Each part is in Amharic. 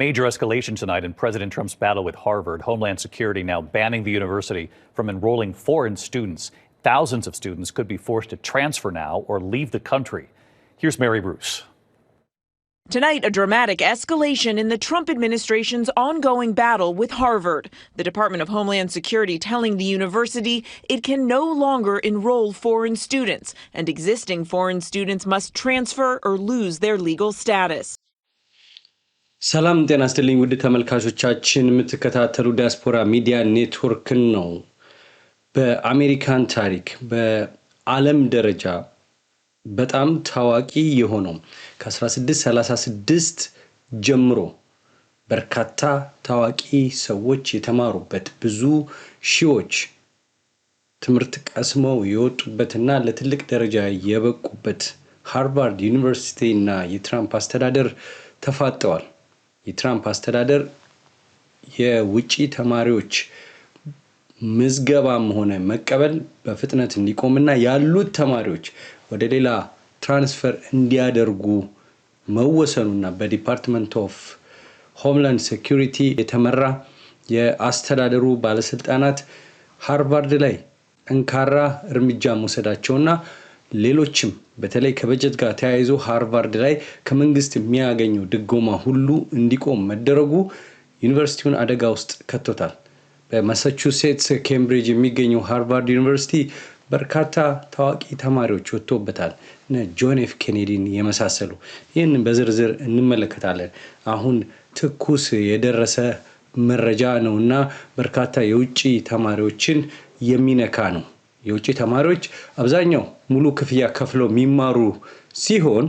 Major escalation tonight in President Trump's battle with Harvard. Homeland Security now banning the university from enrolling foreign students. Thousands of students could be forced to transfer now or leave the country. Here's Mary Bruce. Tonight, a dramatic escalation in the Trump administration's ongoing battle with Harvard. The Department of Homeland Security telling the university it can no longer enroll foreign students, and existing foreign students must transfer or lose their legal status. ሰላም ጤና ስትልኝ ውድ ተመልካቾቻችን፣ የምትከታተሉ ዲያስፖራ ሚዲያ ኔትወርክን ነው። በአሜሪካን ታሪክ በዓለም ደረጃ በጣም ታዋቂ የሆነው ከ1636 ጀምሮ በርካታ ታዋቂ ሰዎች የተማሩበት ብዙ ሺዎች ትምህርት ቀስመው የወጡበትና ለትልቅ ደረጃ የበቁበት ሃርቫርድ ዩኒቨርሲቲ እና የትራምፕ አስተዳደር ተፋጠዋል። የትራምፕ አስተዳደር የውጭ ተማሪዎች ምዝገባም ሆነ መቀበል በፍጥነት እንዲቆምና ያሉት ተማሪዎች ወደ ሌላ ትራንስፈር እንዲያደርጉ መወሰኑና በዲፓርትመንት ኦፍ ሆምላንድ ሴኩሪቲ የተመራ የአስተዳደሩ ባለስልጣናት ሃርቫርድ ላይ ጠንካራ እርምጃ መውሰዳቸውና ሌሎችም በተለይ ከበጀት ጋር ተያይዞ ሃርቫርድ ላይ ከመንግስት የሚያገኘው ድጎማ ሁሉ እንዲቆም መደረጉ ዩኒቨርሲቲውን አደጋ ውስጥ ከቶታል። በማሳቹሴትስ ኬምብሪጅ የሚገኘው ሃርቫርድ ዩኒቨርሲቲ በርካታ ታዋቂ ተማሪዎች ወጥቶበታል፣ እነ ጆን ኤፍ ኬኔዲን የመሳሰሉ። ይህን በዝርዝር እንመለከታለን። አሁን ትኩስ የደረሰ መረጃ ነው እና በርካታ የውጭ ተማሪዎችን የሚነካ ነው። የውጭ ተማሪዎች አብዛኛው ሙሉ ክፍያ ከፍለው የሚማሩ ሲሆን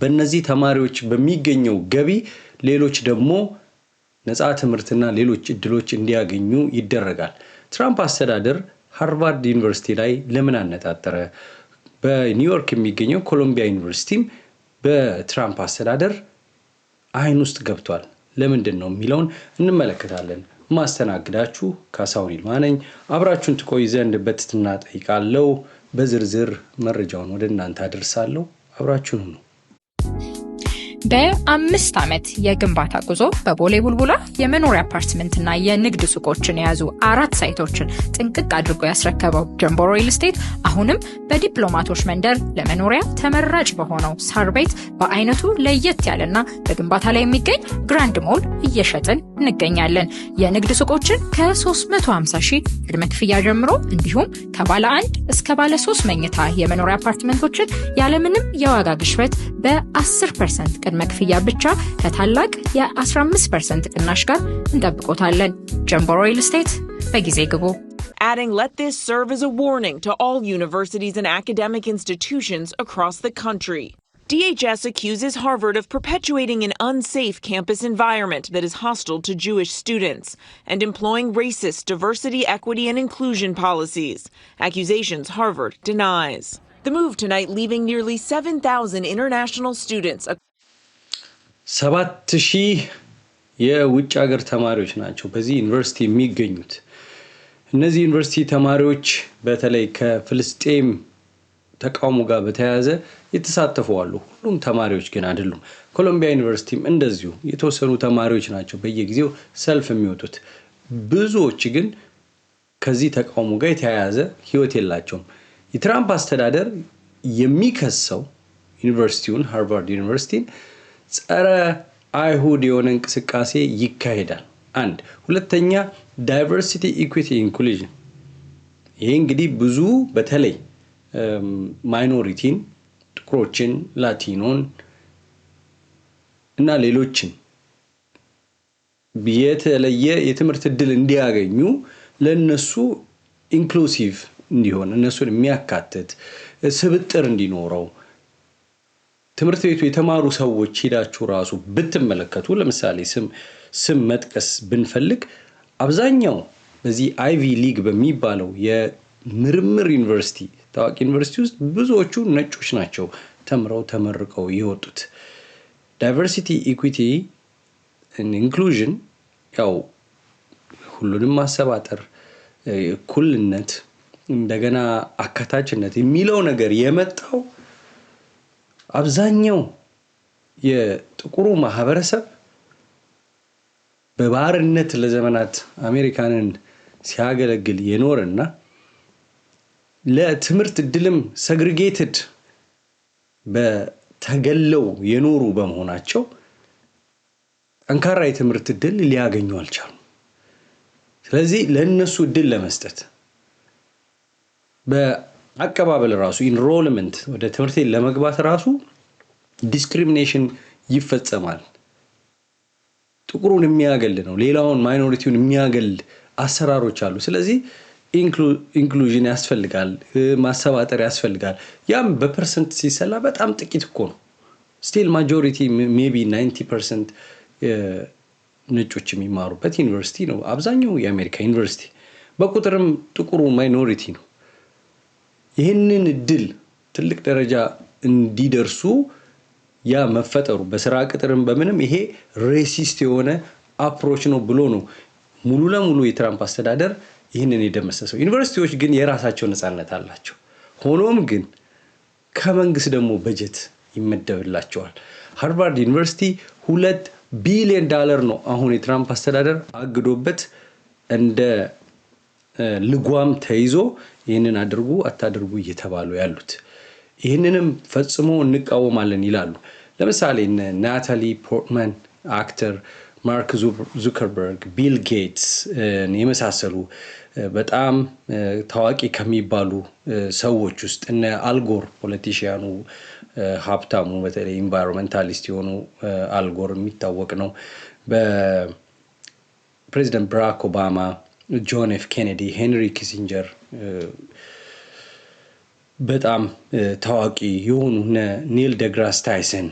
በእነዚህ ተማሪዎች በሚገኘው ገቢ ሌሎች ደግሞ ነፃ ትምህርትና ሌሎች እድሎች እንዲያገኙ ይደረጋል። ትራምፕ አስተዳደር ሃርቫርድ ዩኒቨርሲቲ ላይ ለምን አነጣጠረ? በኒውዮርክ የሚገኘው ኮሎምቢያ ዩኒቨርሲቲም በትራምፕ አስተዳደር አይን ውስጥ ገብቷል። ለምንድን ነው የሚለውን እንመለከታለን። ማስተናግዳችሁ ካሳሁን ይልማ ነኝ። አብራችሁን ትቆይ ዘንድ በትትና ጠይቃለው። በዝርዝር መረጃውን ወደ እናንተ አደርሳለሁ። አብራችሁን ሁኑ። በአምስት ዓመት የግንባታ ጉዞ በቦሌ ቡልቡላ የመኖሪያ አፓርትመንትና የንግድ ሱቆችን የያዙ አራት ሳይቶችን ጥንቅቅ አድርጎ ያስረከበው ጀምቦ ሪል ስቴት አሁንም በዲፕሎማቶች መንደር ለመኖሪያ ተመራጭ በሆነው ሳር ቤት በአይነቱ ለየት ያለና በግንባታ ላይ የሚገኝ ግራንድ ሞል እየሸጥን እንገኛለን። የንግድ ሱቆችን ከ350 ሺህ ቅድመ ክፍያ ጀምሮ እንዲሁም ከባለ አንድ እስከ ባለ ሶስት መኝታ የመኖሪያ አፓርትመንቶችን ያለምንም የዋጋ ግሽበት በ10 ፐርሰንት ቅድመ መክፍያ ብቻ ከታላቅ የ15 ፐርሰንት ቅናሽ ጋር እንጠብቆታለን። ጀምቦ ስቴት በጊዜ ግቡ። Adding, let this serve as a warning to all universities and academic institutions across the country. DHS accuses Harvard of perpetuating an unsafe campus environment that is hostile to Jewish students and employing racist diversity, equity, and inclusion policies, accusations Harvard denies. The move tonight leaving nearly 7,000 international students. ሰባት ሺህ የውጭ ሀገር ተማሪዎች ናቸው በዚህ ዩኒቨርሲቲ የሚገኙት። እነዚህ ዩኒቨርሲቲ ተማሪዎች በተለይ ከፍልስጤም ተቃውሞ ጋር በተያያዘ የተሳተፉ አሉ። ሁሉም ተማሪዎች ግን አይደሉም። ኮሎምቢያ ዩኒቨርሲቲም እንደዚሁ የተወሰኑ ተማሪዎች ናቸው በየጊዜው ሰልፍ የሚወጡት። ብዙዎች ግን ከዚህ ተቃውሞ ጋር የተያያዘ ህይወት የላቸውም። የትራምፕ አስተዳደር የሚከሰው ዩኒቨርሲቲውን ሃርቫርድ ዩኒቨርሲቲን ጸረ አይሁድ የሆነ እንቅስቃሴ ይካሄዳል። አንድ ሁለተኛ ዳይቨርሲቲ ኢኩዊቲ ኢንኩሊዥን ይሄ እንግዲህ ብዙ በተለይ ማይኖሪቲን፣ ጥቁሮችን፣ ላቲኖን እና ሌሎችን የተለየ የትምህርት እድል እንዲያገኙ ለእነሱ ኢንክሉሲቭ እንዲሆን እነሱን የሚያካትት ስብጥር እንዲኖረው ትምህርት ቤቱ የተማሩ ሰዎች ሂዳችሁ ራሱ ብትመለከቱ፣ ለምሳሌ ስም መጥቀስ ብንፈልግ አብዛኛው በዚህ አይቪ ሊግ በሚባለው የምርምር ዩኒቨርሲቲ ታዋቂ ዩኒቨርሲቲ ውስጥ ብዙዎቹ ነጮች ናቸው ተምረው ተመርቀው የወጡት። ዳይቨርሲቲ ኢኩዊቲ ኢንክሉዥን ያው ሁሉንም ማሰባጠር፣ እኩልነት፣ እንደገና አካታችነት የሚለው ነገር የመጣው አብዛኛው የጥቁሩ ማህበረሰብ በባርነት ለዘመናት አሜሪካንን ሲያገለግል የኖረና ለትምህርት እድልም ሰግሪጌትድ በተገለው የኖሩ በመሆናቸው ጠንካራ የትምህርት እድል ሊያገኙ አልቻሉም። ስለዚህ ለእነሱ እድል ለመስጠት አቀባበል ራሱ ኢንሮልመንት ወደ ትምህርት ቤት ለመግባት ራሱ ዲስክሪሚኔሽን ይፈጸማል። ጥቁሩን የሚያገል ነው፣ ሌላውን ማይኖሪቲውን የሚያገል አሰራሮች አሉ። ስለዚህ ኢንክሉዥን ያስፈልጋል፣ ማሰባጠር ያስፈልጋል። ያም በፐርሰንት ሲሰላ በጣም ጥቂት እኮ ነው። ስቲል ማጆሪቲ ሜይ ቢ ናይንቲ ፐርሰንት ነጮች የሚማሩበት ዩኒቨርሲቲ ነው አብዛኛው የአሜሪካ ዩኒቨርሲቲ። በቁጥርም ጥቁሩ ማይኖሪቲ ነው። ይህንን እድል ትልቅ ደረጃ እንዲደርሱ ያ መፈጠሩ በስራ ቅጥርም በምንም ይሄ ሬሲስት የሆነ አፕሮች ነው ብሎ ነው ሙሉ ለሙሉ የትራምፕ አስተዳደር ይህንን የደመሰሰው። ዩኒቨርሲቲዎች ግን የራሳቸው ነፃነት አላቸው። ሆኖም ግን ከመንግስት ደግሞ በጀት ይመደብላቸዋል። ሃርቫርድ ዩኒቨርሲቲ ሁለት ቢሊዮን ዳለር ነው አሁን የትራምፕ አስተዳደር አግዶበት እንደ ልጓም ተይዞ ይህንን አድርጉ አታድርጉ እየተባሉ ያሉት ይህንንም ፈጽሞ እንቃወማለን ይላሉ። ለምሳሌ ናታሊ ፖርትማን አክተር፣ ማርክ ዙከርበርግ፣ ቢል ጌትስ የመሳሰሉ በጣም ታዋቂ ከሚባሉ ሰዎች ውስጥ እነ አልጎር ፖለቲሽያኑ ሀብታሙ በተለይ ኢንቫይሮንመንታሊስት የሆኑ አልጎር የሚታወቅ ነው። በፕሬዚደንት ባራክ ኦባማ ጆን ኤፍ ኬኔዲ፣ ሄንሪ ኪሲንጀር በጣም ታዋቂ የሆኑ ኒል ደግራስ ታይሰን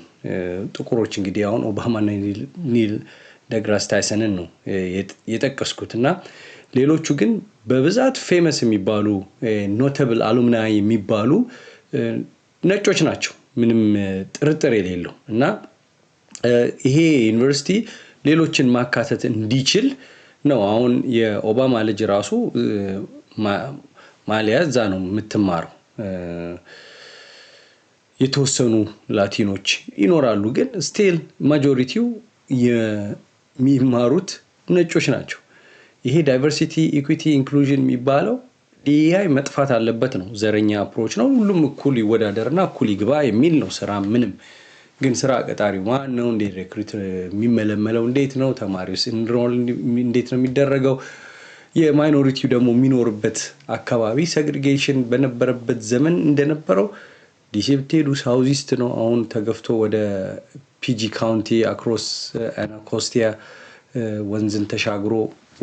ጥቁሮች እንግዲህ አሁን ኦባማና ኒል ደግራስ ታይሰንን ነው የጠቀስኩት እና ሌሎቹ ግን በብዛት ፌመስ የሚባሉ ኖተብል አሉምና የሚባሉ ነጮች ናቸው፣ ምንም ጥርጥር የሌለው እና ይሄ ዩኒቨርሲቲ ሌሎችን ማካተት እንዲችል ነው። አሁን የኦባማ ልጅ ራሱ ማሊያ እዛ ነው የምትማረው። የተወሰኑ ላቲኖች ይኖራሉ፣ ግን ስቴል ማጆሪቲው የሚማሩት ነጮች ናቸው። ይሄ ዳይቨርሲቲ ኢኩዊቲ ኢንክሉዥን የሚባለው ዲኢአይ መጥፋት አለበት ነው። ዘረኛ አፕሮች ነው። ሁሉም እኩል ይወዳደርና እኩል ይግባ የሚል ነው ስራ ምንም ግን ስራ ቀጣሪ ማን ነው? እንዴት የሚመለመለው እንዴት ነው? ተማሪውስ እንሮል እንዴት ነው የሚደረገው? የማይኖሪቲው ደግሞ የሚኖርበት አካባቢ ሴግሪጌሽን በነበረበት ዘመን እንደነበረው ዲሲ ብትሄዱ ነው። አሁን ተገፍቶ ወደ ፒጂ ካውንቲ አክሮስ አናኮስቲያ ወንዝን ተሻግሮ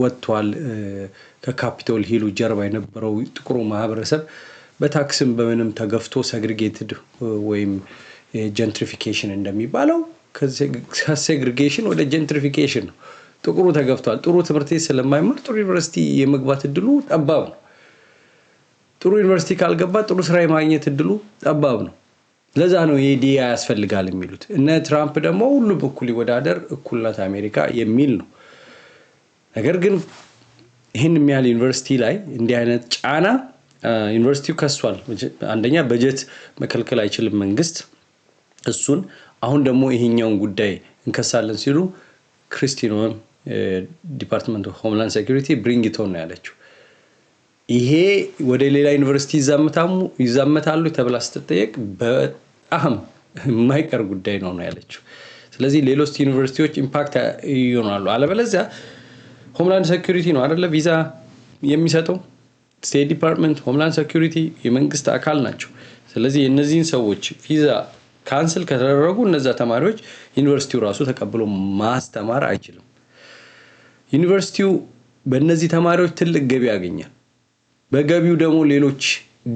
ወጥቷል። ከካፒቶል ሂሉ ጀርባ የነበረው ጥቁሩ ማህበረሰብ በታክስም በምንም ተገፍቶ ሴግሪጌትድ ወይም ጀንትሪፊኬሽን እንደሚባለው ከሴግሪጌሽን ወደ ጀንትሪፊኬሽን ነው። ጥቁሩ ተገብቷል። ጥሩ ትምህርት ቤት ስለማይማር ጥሩ ዩኒቨርሲቲ የመግባት እድሉ ጠባብ ነው። ጥሩ ዩኒቨርሲቲ ካልገባ ጥሩ ስራ የማግኘት እድሉ ጠባብ ነው። ለዛ ነው የዲያ ያስፈልጋል የሚሉት እነ ትራምፕ ደግሞ ሁሉም እኩል ይወዳደር፣ እኩልነት አሜሪካ የሚል ነው። ነገር ግን ይህን የሚያህል ዩኒቨርሲቲ ላይ እንዲህ አይነት ጫና ዩኒቨርሲቲው ከሷል። አንደኛ በጀት መከልከል አይችልም መንግስት እሱን አሁን ደግሞ ይሄኛውን ጉዳይ እንከሳለን ሲሉ ክሪስቲኖን ዲፓርትመንት ኦፍ ሆምላንድ ሴኩሪቲ ብሪንግቶን ነው ያለችው። ይሄ ወደ ሌላ ዩኒቨርሲቲ ይዛመታሉ ተብላ ስትጠየቅ በጣም የማይቀር ጉዳይ ነው ነው ያለችው። ስለዚህ ሌሎች ዩኒቨርሲቲዎች ኢምፓክት ይሆናሉ። አለበለዚያ ሆምላንድ ሴኩሪቲ ነው አደለ ቪዛ የሚሰጠው ስቴት ዲፓርትመንት፣ ሆምላንድ ሴኩሪቲ የመንግስት አካል ናቸው። ስለዚህ እነዚህን ሰዎች ቪዛ ካንስል ከተደረጉ እነዛ ተማሪዎች ዩኒቨርሲቲው ራሱ ተቀብሎ ማስተማር አይችልም። ዩኒቨርሲቲው በእነዚህ ተማሪዎች ትልቅ ገቢ ያገኛል። በገቢው ደግሞ ሌሎች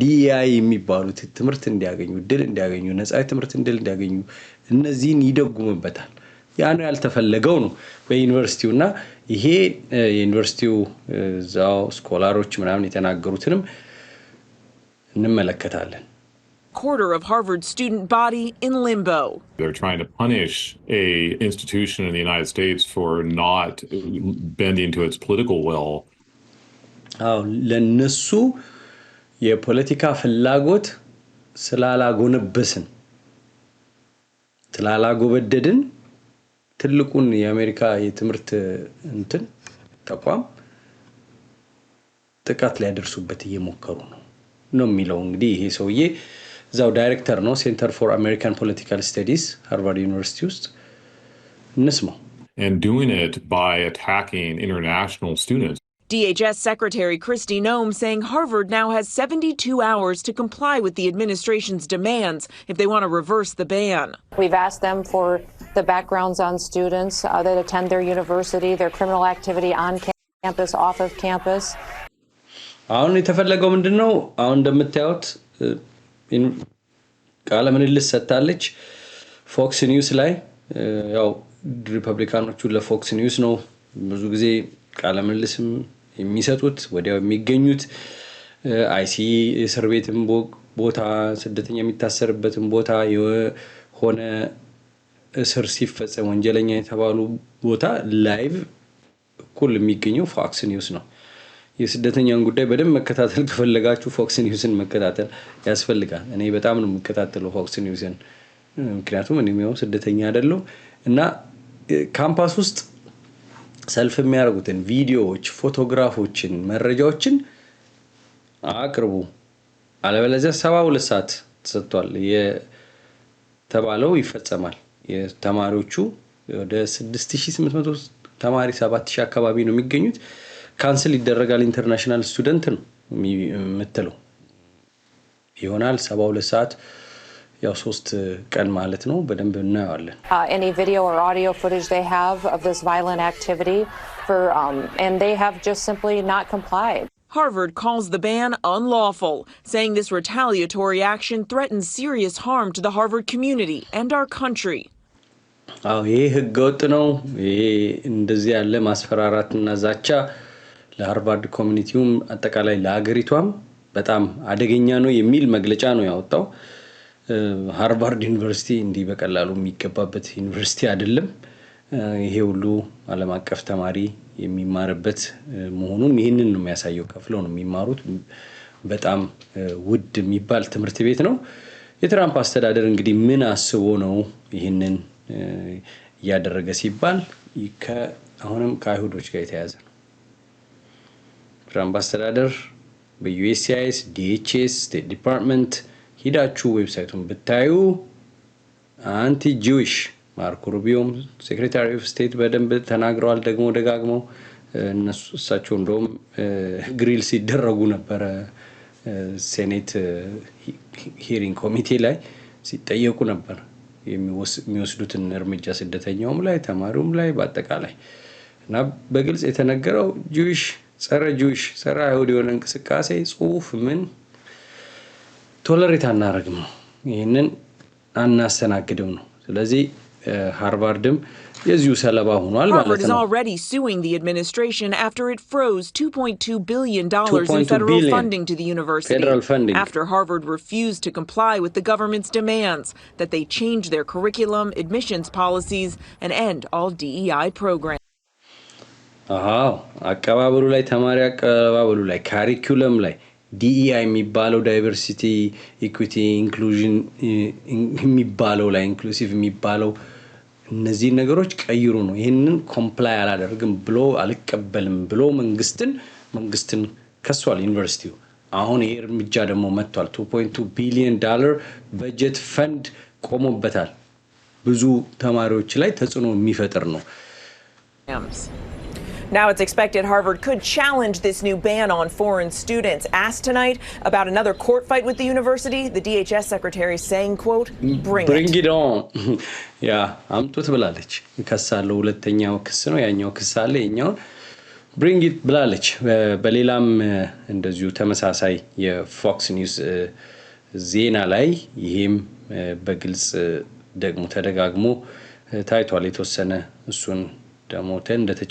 ዲአይ የሚባሉት ትምህርት እንዲያገኙ እድል እንዲያገኙ ነፃ ትምህርት እድል እንዲያገኙ እነዚህን ይደጉምበታል። ያ ነው ያልተፈለገው ነው በዩኒቨርሲቲው እና ይሄ የዩኒቨርሲቲው እዛው ስኮላሮች ምናምን የተናገሩትንም እንመለከታለን። quarter of Harvard's student body in limbo. They're trying to punish a institution in the United States for not bending to its political will. አዎ ለነሱ የፖለቲካ ፍላጎት ስላላጎነበስን ስላላጎበደድን ትልቁን የአሜሪካ የትምህርት እንትን ተቋም ጥቃት ሊያደርሱበት እየሞከሩ ነው ነው የሚለው እንግዲህ ይሄ ሰውዬ እዛው ዳይሬክተር ነው ሴንተር ፎር አሜሪካን ፖለቲካል ስታዲስ ሃርቫርድ ዩኒቨርሲቲ ውስጥ እንስማው። And doing it by attacking international students. DHS Secretary Christy Nome saying Harvard now has 72 hours to comply with the administration's demands if they want to reverse the ban. We've asked them for the backgrounds on students uh, that attend their university, their criminal activity on campus, off of campus. ቃለ ምልልስ ሰጥታለች። ፎክስ ኒውስ ላይ ያው ሪፐብሊካኖቹ ለፎክስ ኒውስ ነው ብዙ ጊዜ ቃለ ምልልስም የሚሰጡት ወዲያው የሚገኙት አይሲ እስር ቤትም ቦታ ስደተኛ የሚታሰርበትን ቦታ የሆነ እስር ሲፈጸም ወንጀለኛ የተባሉ ቦታ ላይቭ እኩል የሚገኘው ፎክስ ኒውስ ነው። የስደተኛውን ጉዳይ በደንብ መከታተል ከፈለጋችሁ ፎክስ ኒውስን መከታተል ያስፈልጋል። እኔ በጣም ነው የምከታተለው ፎክስ ኒውስን፣ ምክንያቱም እኔም ያው ስደተኛ አይደለሁ እና ካምፓስ ውስጥ ሰልፍ የሚያደርጉትን ቪዲዮዎች፣ ፎቶግራፎችን፣ መረጃዎችን አቅርቡ። አለበለዚያ ሰባ ሁለት ሰዓት ተሰጥቷል የተባለው ይፈጸማል። ተማሪዎቹ ወደ 6800 ተማሪ 7000 አካባቢ ነው የሚገኙት። any video or audio footage they have of this violent activity for um, and they have just simply not complied Harvard calls the ban unlawful, saying this retaliatory action threatens serious harm to the Harvard community and our country. አዎ ይሄ ህገወጥ ነው ይሄ እንደዚህ ያለ ማስፈራራትና ለሃርቫርድ ኮሚኒቲውም አጠቃላይ ለሀገሪቷም በጣም አደገኛ ነው የሚል መግለጫ ነው ያወጣው። ሃርቫርድ ዩኒቨርሲቲ እንዲህ በቀላሉ የሚገባበት ዩኒቨርሲቲ አይደለም። ይሄ ሁሉ ዓለም አቀፍ ተማሪ የሚማርበት መሆኑም ይህንን ነው የሚያሳየው። ከፍለው ነው የሚማሩት። በጣም ውድ የሚባል ትምህርት ቤት ነው። የትራምፕ አስተዳደር እንግዲህ ምን አስቦ ነው ይህንን እያደረገ ሲባል አሁንም ከአይሁዶች ጋር የተያዘ ትራምፕ አስተዳደር በዩኤስሲአይኤስ ዲኤችኤስ ስቴት ዲፓርትመንት ሂዳችሁ ዌብሳይቱን ብታዩ አንቲ ጂዊሽ ማርኮ ሩቢዮም ሴክሬታሪ ኦፍ ስቴት በደንብ ተናግረዋል። ደግሞ ደጋግመው እነሱ እሳቸው እንደውም ግሪል ሲደረጉ ነበረ ሴኔት ሂሪንግ ኮሚቴ ላይ ሲጠየቁ ነበር የሚወስዱትን እርምጃ ስደተኛውም ላይ ተማሪውም ላይ በአጠቃላይ እና በግልጽ የተነገረው ጂዊሽ ጸረ ጁሽ ጸረ አይሁድ የሆነ እንቅስቃሴ ጽሁፍ ምን ቶለሬት አናደርግም ነው፣ ይህንን አናስተናግድም ነው። ስለዚህ ሃርቫርድም የዚሁ After Harvard refused to comply with the government's demands that they change their curriculum, admissions policies, and end all DEI programs. አዎ አቀባበሉ ላይ ተማሪ አቀባበሉ ላይ ካሪኩለም ላይ ዲኢአይ የሚባለው ዳይቨርሲቲ ኢኩቲ ኢንክሉዥን የሚባለው ላይ ኢንክሉሲቭ የሚባለው እነዚህ ነገሮች ቀይሩ ነው። ይህንን ኮምፕላይ አላደርግም ብሎ አልቀበልም ብሎ መንግስትን መንግስትን ከሷል ዩኒቨርሲቲው። አሁን ይሄ እርምጃ ደግሞ መጥቷል። 2.2 ቢሊዮን ዳለር በጀት ፈንድ ቆሞበታል። ብዙ ተማሪዎች ላይ ተጽዕኖ የሚፈጥር ነው። Now it's expected Harvard could challenge this new ban on foreign students. Asked tonight about another court fight with the university, the DHS secretary saying, quote, bring, it. on. yeah, I'm to too tbalalich. Uh, Kassalo letenyo kassano yanyo kassale uh, yanyo. Bring it blalich. Uh, Balilam and the Zutamasasai, Fox News Zenalai, him Beggles Degmutadagmo, Taito Alito Sene, soon let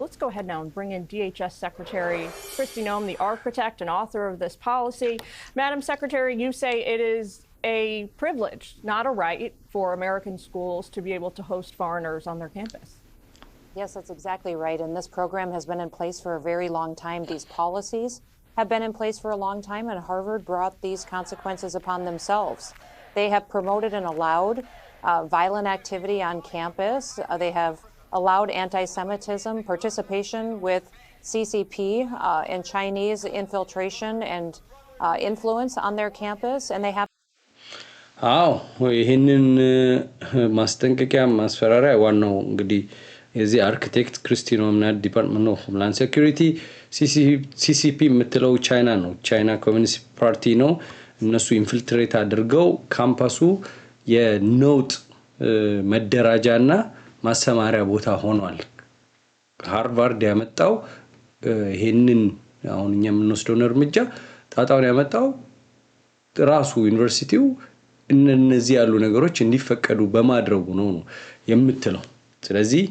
Let's go ahead now and bring in DHS Secretary Christy Noem, the architect and author of this policy. Madam Secretary, you say it is a privilege, not a right, for American schools to be able to host foreigners on their campus. Yes, that's exactly right. And this program has been in place for a very long time. These policies have been in place for a long time, and Harvard brought these consequences upon themselves. They have promoted and allowed uh, violent activity on campus. Uh, they have allowed anti Semitism, participation with CCP uh, and Chinese infiltration and uh, influence on their campus, and they have. አዎ ይህንን ማስጠንቀቂያ ማስፈራሪያ ዋናው እንግዲህ የዚህ አርክቴክት ክሪስቲኖ ምናድ ዲፓርትመንት ኦፍ ሆምላንድ ሴኩሪቲ ሲሲፒ የምትለው ቻይና ነው። ቻይና ኮሚኒስት ፓርቲ ነው። እነሱ ኢንፊልትሬት አድርገው ካምፓሱ የነውጥ መደራጃና ማሰማሪያ ቦታ ሆኗል። ሃርቫርድ ያመጣው ይህንን አሁን እኛ የምንወስደውን እርምጃ ጣጣውን ያመጣው ራሱ ዩኒቨርሲቲው እነዚህ ያሉ ነገሮች እንዲፈቀዱ በማድረጉ ነው ነው የምትለው። ስለዚህ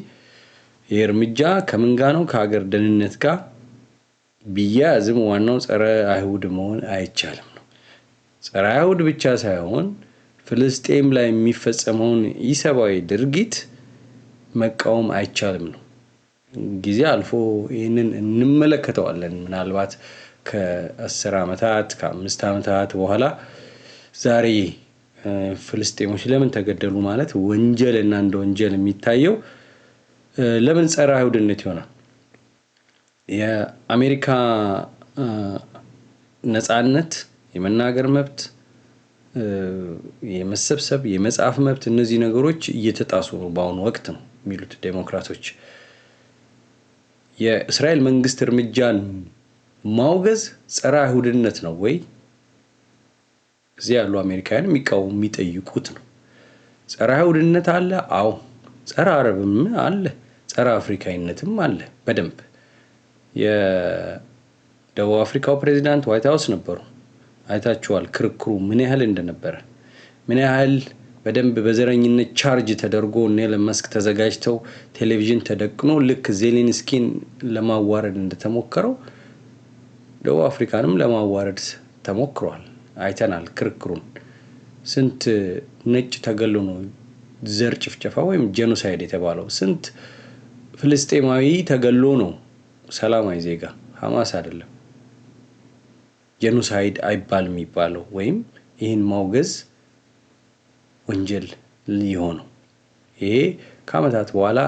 ይህ እርምጃ ከምን ጋ ነው? ከሀገር ደህንነት ጋር ቢያያዝም ዋናው ጸረ አይሁድ መሆን አይቻልም ነው። ጸረ አይሁድ ብቻ ሳይሆን ፍልስጤም ላይ የሚፈጸመውን ኢሰብአዊ ድርጊት መቃወም አይቻልም ነው። ጊዜ አልፎ ይህንን እንመለከተዋለን። ምናልባት ከአስር ዓመታት ከአምስት ዓመታት በኋላ ዛሬ ፍልስጤሞች ለምን ተገደሉ ማለት ወንጀል እና እንደ ወንጀል የሚታየው ለምን ጸረ አይሁድነት ይሆናል? የአሜሪካ ነፃነት፣ የመናገር መብት የመሰብሰብ የመጽሐፍ መብት እነዚህ ነገሮች እየተጣሱ ነው በአሁኑ ወቅት ነው የሚሉት ዴሞክራቶች። የእስራኤል መንግስት እርምጃን ማውገዝ ጸረ አይሁድነት ነው ወይ? እዚህ ያሉ አሜሪካውያን የሚቃወሙ የሚጠይቁት ነው። ጸረ አይሁድነት አለ። አዎ፣ ጸረ አረብም አለ፣ ጸረ አፍሪካዊነትም አለ በደንብ የደቡብ አፍሪካው ፕሬዚዳንት ዋይት ሀውስ ነበሩ። አይታችኋል ክርክሩ ምን ያህል እንደነበረ ምን ያህል በደንብ በዘረኝነት ቻርጅ ተደርጎ ኤለን መስክ ተዘጋጅተው ቴሌቪዥን ተደቅኖ ልክ ዜሌንስኪን ለማዋረድ እንደተሞከረው ደቡብ አፍሪካንም ለማዋረድ ተሞክሯል። አይተናል ክርክሩን። ስንት ነጭ ተገሎ ነው ዘር ጭፍጨፋ ወይም ጄኖሳይድ የተባለው? ስንት ፍልስጤማዊ ተገሎ ነው ሰላማዊ ዜጋ ሀማስ አይደለም። ጄኖሳይድ አይባል የሚባለው ወይም ይህን ማውገዝ ወንጀል ሊሆነው ይሄ ከአመታት በኋላ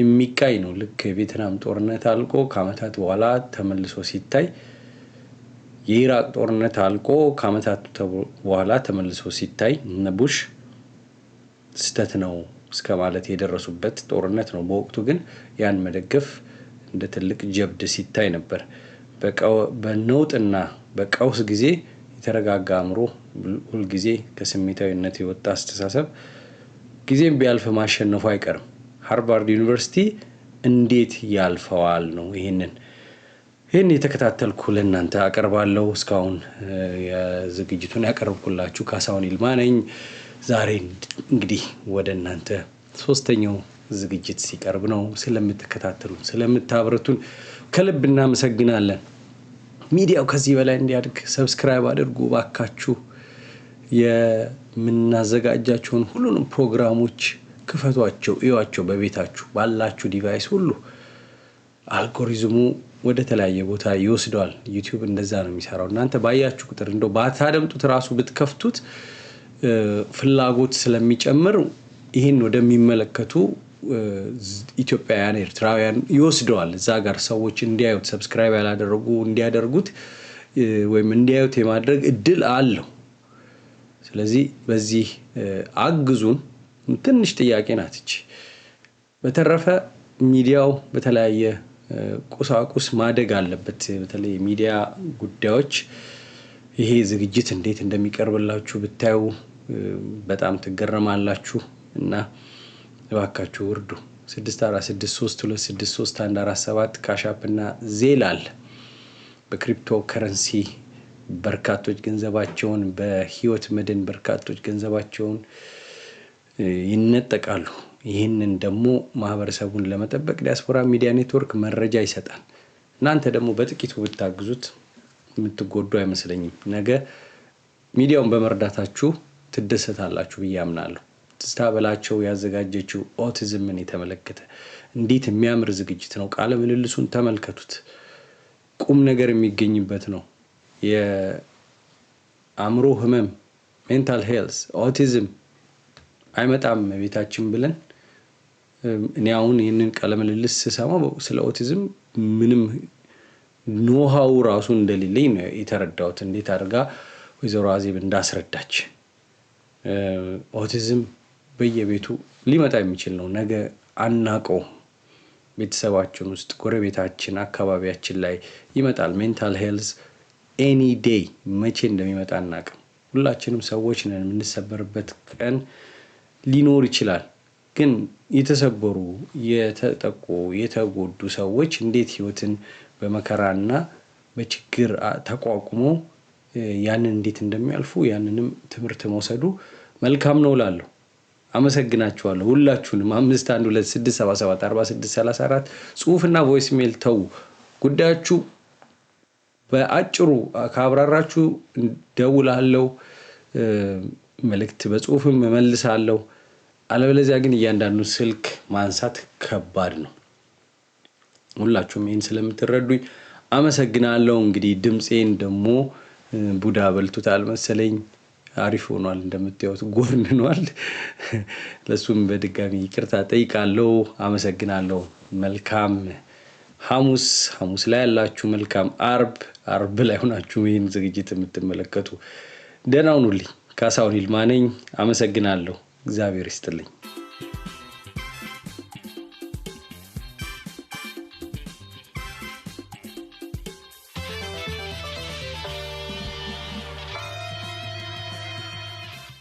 የሚቃይ ነው። ልክ የቬትናም ጦርነት አልቆ ከአመታት በኋላ ተመልሶ ሲታይ የኢራቅ ጦርነት አልቆ ከዓመታት በኋላ ተመልሶ ሲታይ እነ ቡሽ ስህተት ነው እስከ ማለት የደረሱበት ጦርነት ነው። በወቅቱ ግን ያን መደገፍ እንደ ትልቅ ጀብድ ሲታይ ነበር። በነውጥና በቀውስ ጊዜ የተረጋጋ አእምሮ፣ ሁልጊዜ ከስሜታዊነት የወጣ አስተሳሰብ ጊዜም ቢያልፍ ማሸነፉ አይቀርም። ሃርቫርድ ዩኒቨርሲቲ እንዴት ያልፈዋል ነው። ይህንን ይህን የተከታተልኩ ለእናንተ አቀርባለሁ። እስካሁን የዝግጅቱን ያቀርብኩላችሁ ካሳሁን ይልማ ነኝ። ዛሬ እንግዲህ ወደ እናንተ ሶስተኛው ዝግጅት ሲቀርብ ነው። ስለምትከታተሉን ስለምታብረቱን ከልብ እናመሰግናለን። ሚዲያው ከዚህ በላይ እንዲያድግ ሰብስክራይብ አድርጉ ባካችሁ። የምናዘጋጃቸውን ሁሉንም ፕሮግራሞች ክፈቷቸው፣ እዩዋቸው። በቤታችሁ ባላችሁ ዲቫይስ ሁሉ አልጎሪዝሙ ወደ ተለያየ ቦታ ይወስደዋል። ዩቲዩብ እንደዛ ነው የሚሰራው። እናንተ ባያችሁ ቁጥር እንደው ባታደምጡት ራሱ ብትከፍቱት ፍላጎት ስለሚጨምር ይህን ወደሚመለከቱ ኢትዮጵያውያን ኤርትራውያን ይወስደዋል እዛ ጋር ሰዎች እንዲያዩት ሰብስክራይብ ያላደረጉ እንዲያደርጉት ወይም እንዲያዩት የማድረግ እድል አለው። ስለዚህ በዚህ አግዙን። ትንሽ ጥያቄ ናትች በተረፈ ሚዲያው በተለያየ ቁሳቁስ ማደግ አለበት። በተለይ የሚዲያ ጉዳዮች ይሄ ዝግጅት እንዴት እንደሚቀርብላችሁ ብታዩ በጣም ትገረማላችሁ እና እባካችሁ ውርዱ 6463263147 ካሻፕ እና ዜላል በክሪፕቶ ከረንሲ በርካቶች ገንዘባቸውን በህይወት መድን በርካቶች ገንዘባቸውን ይነጠቃሉ። ይህንን ደግሞ ማህበረሰቡን ለመጠበቅ ዲያስፖራ ሚዲያ ኔትወርክ መረጃ ይሰጣል። እናንተ ደግሞ በጥቂቱ ብታግዙት የምትጎዱ አይመስለኝም። ነገ ሚዲያውን በመርዳታችሁ ትደሰታላችሁ ብዬ አምናለሁ። በላቸው ያዘጋጀችው ኦቲዝምን የተመለከተ እንዴት የሚያምር ዝግጅት ነው። ቃለ ምልልሱን ተመልከቱት። ቁም ነገር የሚገኝበት ነው። የአእምሮ ህመም ሜንታል ሄልስ ኦቲዝም አይመጣም ቤታችን ብለን እኔ አሁን ይህንን ቃለ ምልልስ ስሰማ ስለ ኦቲዝም ምንም ኖሃው ራሱ እንደሌለኝ ነው የተረዳሁት። እንዴት አድርጋ ወይዘሮ አዜብ እንዳስረዳች ኦቲዝም በየቤቱ ሊመጣ የሚችል ነው። ነገ አናቆ ቤተሰባችን ውስጥ፣ ጎረቤታችን፣ አካባቢያችን ላይ ይመጣል። ሜንታል ሄልዝ ኤኒ ዴይ መቼ እንደሚመጣ አናቅም። ሁላችንም ሰዎች ነን። የምንሰበርበት ቀን ሊኖር ይችላል። ግን የተሰበሩ የተጠቁ፣ የተጎዱ ሰዎች እንዴት ህይወትን በመከራና በችግር ተቋቁሞ ያንን እንዴት እንደሚያልፉ ያንንም ትምህርት መውሰዱ መልካም ነው እላለሁ። አመሰግናችኋለሁ ሁላችሁንም። አምስት አንድ ሁለት ስድስት ሰባ ሰባት አርባ ስድስት ሰላሳ አራት ጽሁፍና ቮይስ ሜል ተዉ። ጉዳያችሁ በአጭሩ ካብራራችሁ ደውላለው መልእክት በጽሁፍም እመልሳለሁ። አለበለዚያ ግን እያንዳንዱ ስልክ ማንሳት ከባድ ነው። ሁላችሁም ይህን ስለምትረዱኝ አመሰግናለሁ። እንግዲህ ድምፄን ደግሞ ቡዳ በልቶታል መሰለኝ። አሪፍ ሆኗል። እንደምታዩት ጎርንኗል። ለእሱም በድጋሚ ይቅርታ ጠይቃለሁ። አመሰግናለሁ። መልካም ሐሙስ ሐሙስ ላይ ያላችሁ መልካም አርብ አርብ ላይ ሆናችሁ ይህን ዝግጅት የምትመለከቱ ደህና ሁኑልኝ። ካሳሁን ይልማ ነኝ። አመሰግናለሁ። እግዚአብሔር ይስጥልኝ።